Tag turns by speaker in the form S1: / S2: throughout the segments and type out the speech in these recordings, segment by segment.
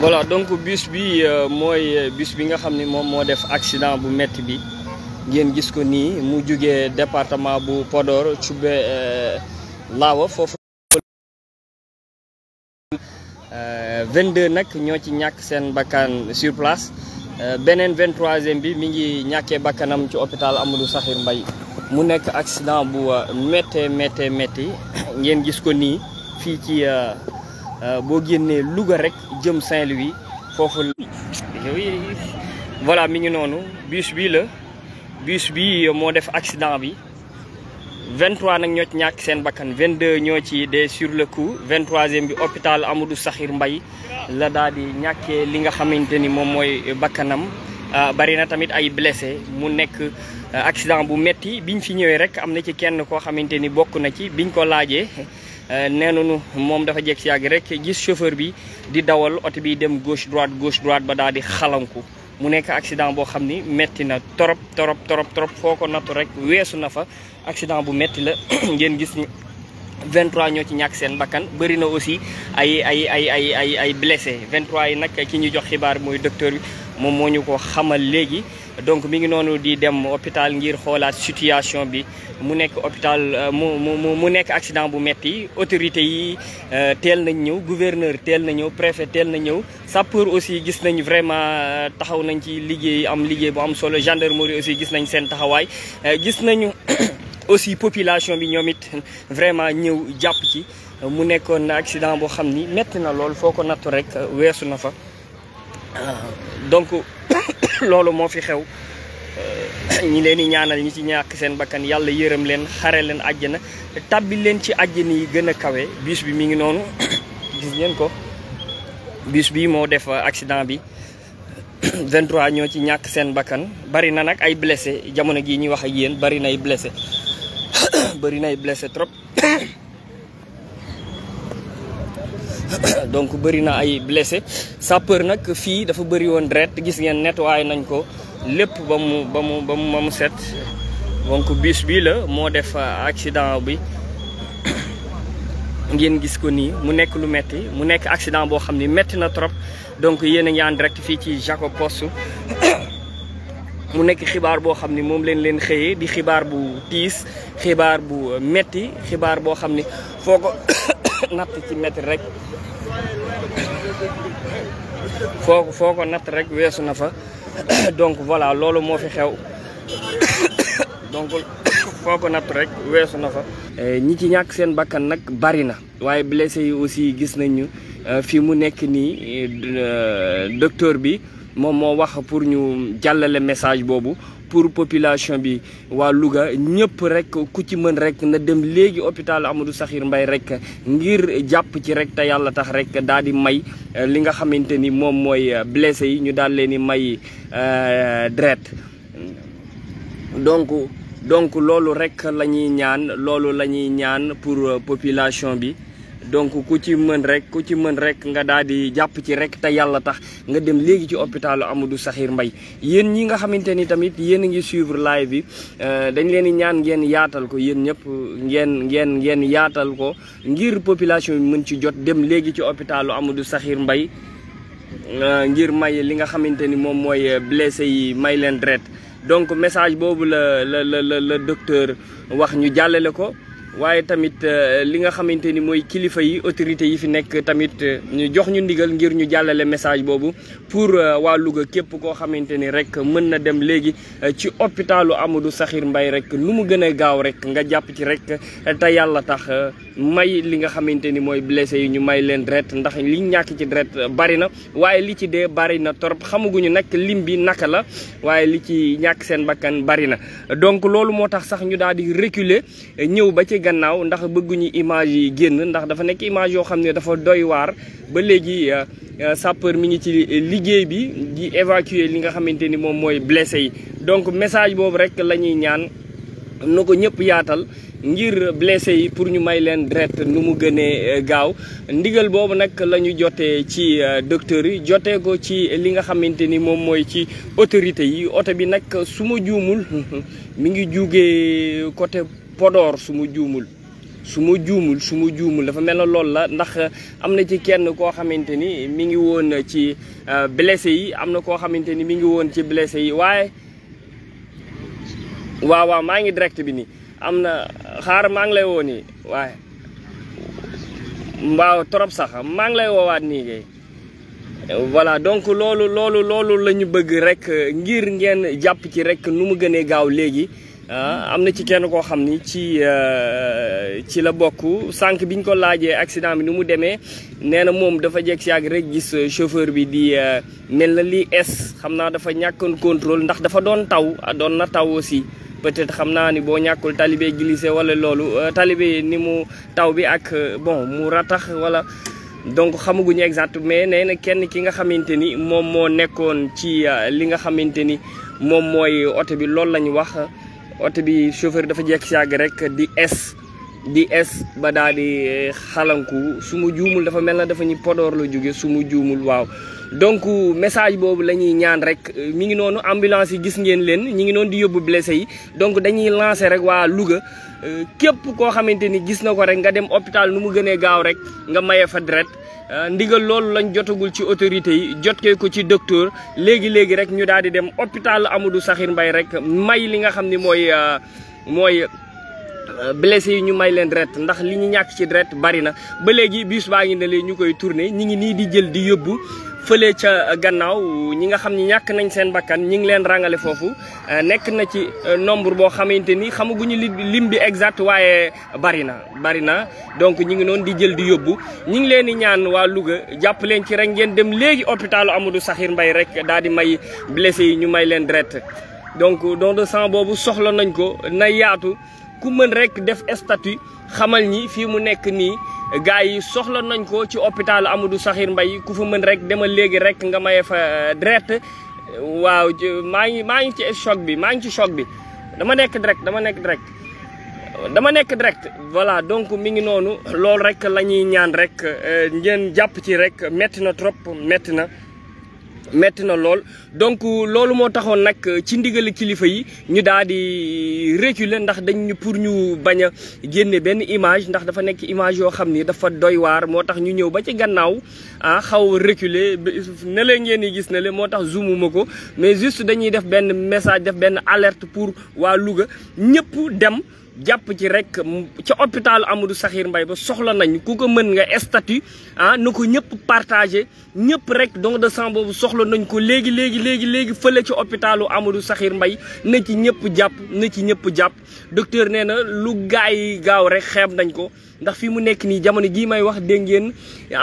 S1: voilà donc bus bi euh, mooy euh, bus bi nga xam ni moom moo def accident bu métti bi ngeen gis ko nii mu jugee département bu Podor Thioubé euh, Laawa foofu 22 nag ñoo ci ñàkk seen bakkan sur place beneen 23e bi mi ngi ñàkkee bakkanam ci hôpital Amadou Sakhir mbay mu nekk accident bu méttee méttee métti ngeen gis ko nii fii ci Euh, boo génnee Louga rek jëm Saint-Louis foofu. voilà mi ngi noonu bus bii la bus bi moo def accident bi 23 nag ñoo ci ñàkk seen bakkan vingt 22 ñoo ci dee sur le coup 23e bi hôpital Amadou saxiir mbay la daal di ñàkkee li nga xamante ni moom mooy bakkanam. Euh, bari na tamit ay blessé mu nekk euh, accident bu metti biñ fi ñëwee rek am na ci kenn koo xamante ni bokk na ci biñ ko laajee. Euh, nee nañu moom dafa jeg si yàgg rek gis chauffeur bi di dawal oto bi dem gauche droite gauche droite ba daal di xalanku mu nekk accident boo xam ni métti na torop torop torop torop foo ko nattu rek weesu na fa accident bu métti la ngeen gis ni 23 ñoo ci ñàkk seen bakkan bëri na aussi ay ay ay ay ay ay blessé 23 yi nag ki ñu jox xibaar mooy docteur bi moom moo ñu ko xamal léegi donc mi ngi noonu di dem hôpital ngir xoolaat situation bi mu nekk hôpital euh, mu mu mu nekk accident bu metti autorité yi euh, teel nañ ñëw gouverneur teel na ñëw préfet teel na ñëw pour aussi gis nañu vraiment euh, taxaw nañ ci liggéey am liggéey bu am solo gendarmerie aussi gis nañ seen taxawaay gis nañu aussi population bi ñoom it vraiment ñëw jàpp ci mu nekkoon accident boo xam ni metti na lool foo ko nattu rek weesu na fa donc loolu moo fi xew euh, ñi leen di ñaanal ñi ci ñàkk seen bakkan yàlla yërëm leen xare leen àjjana tàbbi leen ci àjjana yi gën a kawe bus bi mi ngi noonu gis ngeen ko bus bi moo def euh, accident bi 23 ñoo ci ñàkk seen bakkan bari na nag ay blessé jamono gii ñuy wax ak yéen bari ay blessé bari nay blessé trop donc bari na ay blessé sapeur nag fii dafa bëri woon deret gis ngeen nettoyé nañ ko lépp ba mu ba mu ba mu ba mu set donc bus bii la moo def accident bi ngeen gis ko nii mu nekk lu metti mu nekk accident boo xam ni metti na trop donc yéen a ngi en fii ci Jacob Post mu nekk xibaar boo xam ni moom leen leen xëyee di xibaar bu tiis xibaar bu metti xibaar boo xam ni foo ko natt ci mètre rek foo foo ko natt rek weesu na fa donc voilà loolu moo fi xew donc foo ko natt rek weesu na fa eh, ñi ci ñàkk seen bakkan nag bari na waaye blessé yi aussi gis nañu eh, fii mu nekk nii eh, docteur bi moom moo wax pour ñu jàllale message boobu pour population bi waa Louga ñëpp rek ku ci mën rek na dem léegi hôpital Amadou Sakhir mbay rek ngir jàpp ci rek te yàlla tax rek daal di may eh, li nga xamante ni moom mooy eh, blessé yi ñu daal leen di may eh, deret donc donc loolu rek la ñuy ñaan loolu la ñuy ñaan pour population bi donc ku ci mën rek ku ci mën rek nga daal di jàpp ci rek te yàlla tax nga dem léegi ci hôpitalu du saxiir mbay yéen ñi nga xamante ni tamit yéen a ngi suivre live bi euh, dañ leen di ñaan ngeen yaatal ko yéen ñëpp ngeen ngeen ngeen yaatal ko ngir population mën ci jot dem léegi ci hôpitalu Amadou saxiir mbay euh, ngir may li nga xamante ni moom mooy blessé yi may leen dret donc message boobu la la la la wax ñu jàllale ko waaye tamit euh, li nga xamante ni mooy kilifa yi autorité yi fi nekk tamit euh, ñu jox ñu ndigal ngir ñu jàllale message boobu pour euh, waa Louga képp koo xamante ni rek mën na dem léegi ci hôpitalu amadu Sakhir mbay rek lu mu gën a gaaw rek nga jàpp ci rek te yàlla tax may li nga xamante ni mooy blessé yi ñu may leen dret ndax li ñàkk ci dret bari na waaye li ci dee bari na torop xamaguñu nag lim bi naka la waaye li ci ñàkk seen bakkan bari na donc loolu moo tax gannaaw ndax bëgguñu image yi génn ndax dafa nekk image yoo xam ne dafa doy waar ba léegi euh, euh, sapeur mi ngi ci liggéey bi di évacuer li nga xamante ni moom mooy blessé yi donc message boobu rek la ñuy ñaan na ko ñëpp yaatal ngir blessé yi pour ñu may leen deret nu mu gënee euh, gaaw ndigal boobu nag la ñu jotee ci docteur yi jotee ko ci li nga xamante ni moom mooy ci autorité yi oto bi nag su ma juumul mi ngi jugee côté Podor su ma juumul su ma juumul su juumul dafa mel na loolu la ndax euh, am na ci kenn koo xamante ni mi ngi woon ci euh, blessé yi am na koo xamante ni mi ngi woon ci blessé yi waaye waaw waaw maa ngi direct bi nii am na xaar maa ngi lay woo nii waaye mbaaw trop sax maa ngi lay woowaat nii kay voilà donc loolu loolu loolu la ñu bëgg rek ngir ngeen jàpp ci rek nu mu gënee gaaw léegi Ah, am na ci kenn koo xam ni ci euh, ci la bokk sànq biñ ko laajee accident bi nu mu demee nee na moom dafa jeg si ak rek gis euh, chauffeur bi di euh, mel na lii es xam naa dafa ñàkkoon contrôle ndax dafa doon taw ah, doon na taw aussi peut-être xam naa ni boo ñàkkul talibé glissé wala loolu talibé ni mu taw bi ak bon mu ratax wala donc xamaguñu exact mais nee na kenn ki nga xamante ni moom moo nekkoon ci li nga xamante ni moom mooy oto bi loolu lañu wax oto bi chauffeur dafa jekk si rek di es di es ba daal di eh, xalanku su mu juumul dafa mel na dafa ñu Podor la jóge su mu juumul waaw donc message boobu la ñuy ñaan rek eh, mi ngi noonu ambulance yi gis ngeen leen ñu ngi noonu di yóbbu blessé yi donc dañuy lancer rek waa Louga eh, képp koo xamante ni gis na ko rek nga dem hôpital nu mu gënee gaaw rek nga maye fa deret Euh, ndigal loolu lañ jotagul ci autorité yi jotkee ko ci docteur léegi-léegi rek ñu daal di dem hôpital Amadou saxir mbay rek may li nga xam ni mooy euh, mooy euh, blessé yi ñu may leen dret ndax li ñu ñàkk ci dret bari na ba léegi bus baa ngi ne leen ñu koy tourné ñu ngi nii di jël di yóbbu fële ca gannaaw ñi nga xam ni ñàkk nañ seen bakkan ñi ngi leen rangale foofu euh, nekk na ci euh, nombre boo xamante ni xamaguñu lim bi exact waaye bari na bari na donc ñi ngi noonu di jël di yóbbu ñi ngi leen di ñaan waa Louga jàpp leen ci rek ngeen dem léegi hôpitalu Amadou Sakhir mbay rek daal di may blessé yi ñu may leen deret donc don de sang boobu soxla nañ ko na yaatu ku mën rek def statut xamal ñi fii mu nekk nii gars yi soxla nañ ko ci hôpital Amadou Sakhir mbay ku fa mën rek dama léegi rek nga may fa euh, direct waaw maa ngi maa ngi ci choc bi maa ngi ci choc bi dama nekk direct dama nekk direct dama nekk direct voilà donc mi ngi noonu loolu rek la ñuy ñaan rek euh, ngeen jàpp ci rek metti na trop metti na metti na lool donc loolu moo taxoon nag euh, ci ndigal kilifa yi ñu daal di euh, reculer ndax dañ pour ñu bañ a génne benn image ndax dafa nekk image yoo xam ni dafa doywaar moo tax ñu ñëw ba ci gannaaw ah xaw reculer ne la ngeen di gis ne leen moo tax zoomuma ko mais juste dañuy def benn message def benn alerte pour waa Louga ñëpp dem jàpp ci rek ca hôpital Amadou Sakhir mbay ba soxla nañ ku ko mën nga statut ah na ko ñëpp partagé ñëpp rek don de sant boobu soxla nañ ko léegi léegi léegi léegi fële ci hôpitalu Amadou saxiir mbay na ci ñëpp jàpp na ci ñëpp jàpp docteur nee na lu gaay yi gaaw rek xeeb nañ ko ndax fii mu nekk nii jamono jii may wax dégg ngeen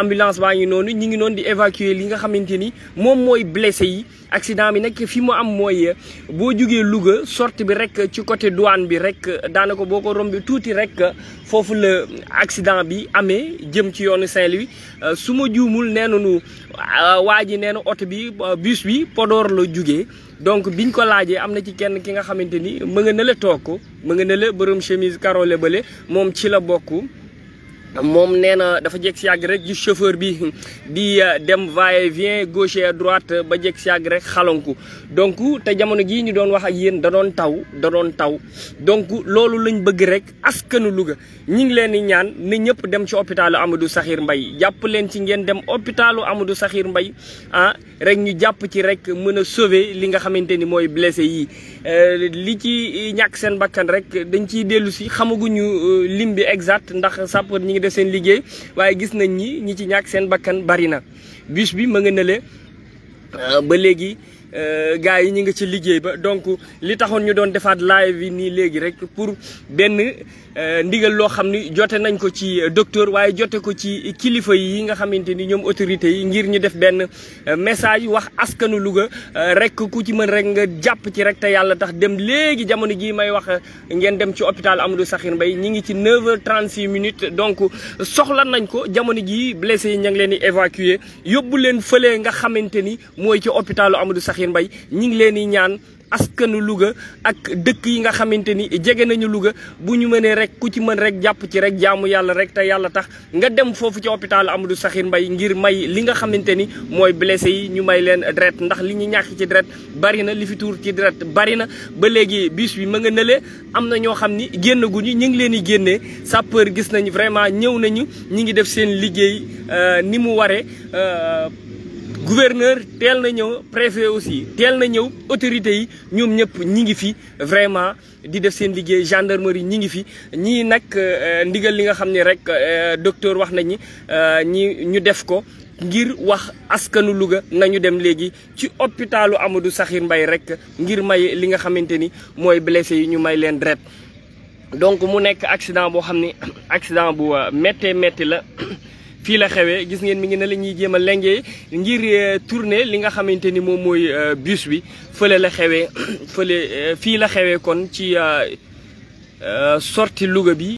S1: ambulance baa ngi noonu ñu ngi noonu di évacuer li nga xamante ni moom mooy blessé yi accident bi nag fi mu am mooy boo jugee Louga sortie bi rek ci côté douane bi rek daanaka boo ko rombee tuuti rek foofu la accident bi amee jëm ci yoonu Saint-Louis su ma juumul nee nañu euh, waa ji nee na oto bi euh, bus bi Podor la jugee donc biñ ko laajee am na ci kenn ki nga xamante ni mën nga ne la toog mën nga ne la borom chemise carole bale moom ci la bokk moom nee na dafa jekk si yàgg rek gis chauffeur bi di euh, dem vaille vient gauche à droite ba jekk si yàgg rek xalonku donc te jamono jii ñu doon wax ak yéen da doon taw da doon taw donc loolu lañ bëgg rek askanu Louga ñi ngi leen di ñaan ne ñëpp dem ci hôpitalu Amadou Sakhir mbay jàpp leen ci ngeen dem hôpitalu Amadou Sakhir mbay ah rek ñu jàpp ci rek mën a sauver li nga xamante ni mooy blessé yi euh, li ci ñàkk seen bakkan rek dañ ciy dellu si xamaguñu euh, lim bi exact ndax sapeur seen liggéey waaye gis nañ ñi ñi ci ñàkk seen bakkan bari na bus bi ma nga nële euh, ba léegi Euh, gars yi ñu nga ci liggéey ba donc li taxoon ñu doon defaat live yi nii léegi rek pour benn euh, ndigal loo xam ni jote nañ ko ci euh, docteur waaye jote ko ci kilifa yi nga xamante ni ñoom autorité yi ngir ñu def benn message wax askanu Louga rek ku ci mën rek nga jàpp ci rek te yàlla tax dem léegi jamono jii may wax ngeen dem ci hôpital Amadou Sakhir mbay ñi ngi ci 9h36 minutes donc soxla nañ ko jamono jii blessé yi ña ngi leen di évacuer yóbbu leen fële nga xamante ni mooy ci hôpitalu Amadou Sakhir Sakhir mbay ñi ngi leen di ñaan askanu Louga ak dëkk yi nga xamante ni jege nañu Louga bu ñu mënee rek ku ci mën rek jàpp ci rek jaamu yàlla rek te yàlla tax nga dem foofu ci hôpital Amadou Sakhir mbay ngir may li nga xamante ni mooy blessé yi ñu may leen deret ndax li ñu ñàkk ci dret bari na li fi tuur ci deret bari na ba léegi biis bi ma nga nële am na ñoo xam ni génn guñu ñu ngi leen di génnee sapeur gis nañu vraiment ñëw nañu ñu ngi def seen liggéey euh, ni mu waree euh, gouverneur teel na ñëw préfet aussi teel na ñëw autorités yi ñoom ñëpp ñi ngi fi vraiment di def seen liggéey gendarmerie ñi ngi fi ñii nag euh, ndigal li nga xam ni rek euh, docteur wax nañu euh, ñi ñu def ko ngir wax askanu Louga nañu dem léegi ci hôpitalu Amadou Sakhir mbay rek ngir may li nga xamante ni mooy blessé yi ñu may leen deret donc mu nekk accident boo xam ni accident bu méttee métti la fii la xewee gis ngeen mi ngi ne la ñuy jéem a lengee ngir euh, tourner li nga xamante ni moom mooy euh, bus bi fële la xewee fële euh, fii la xewee kon ci sorti Louga bi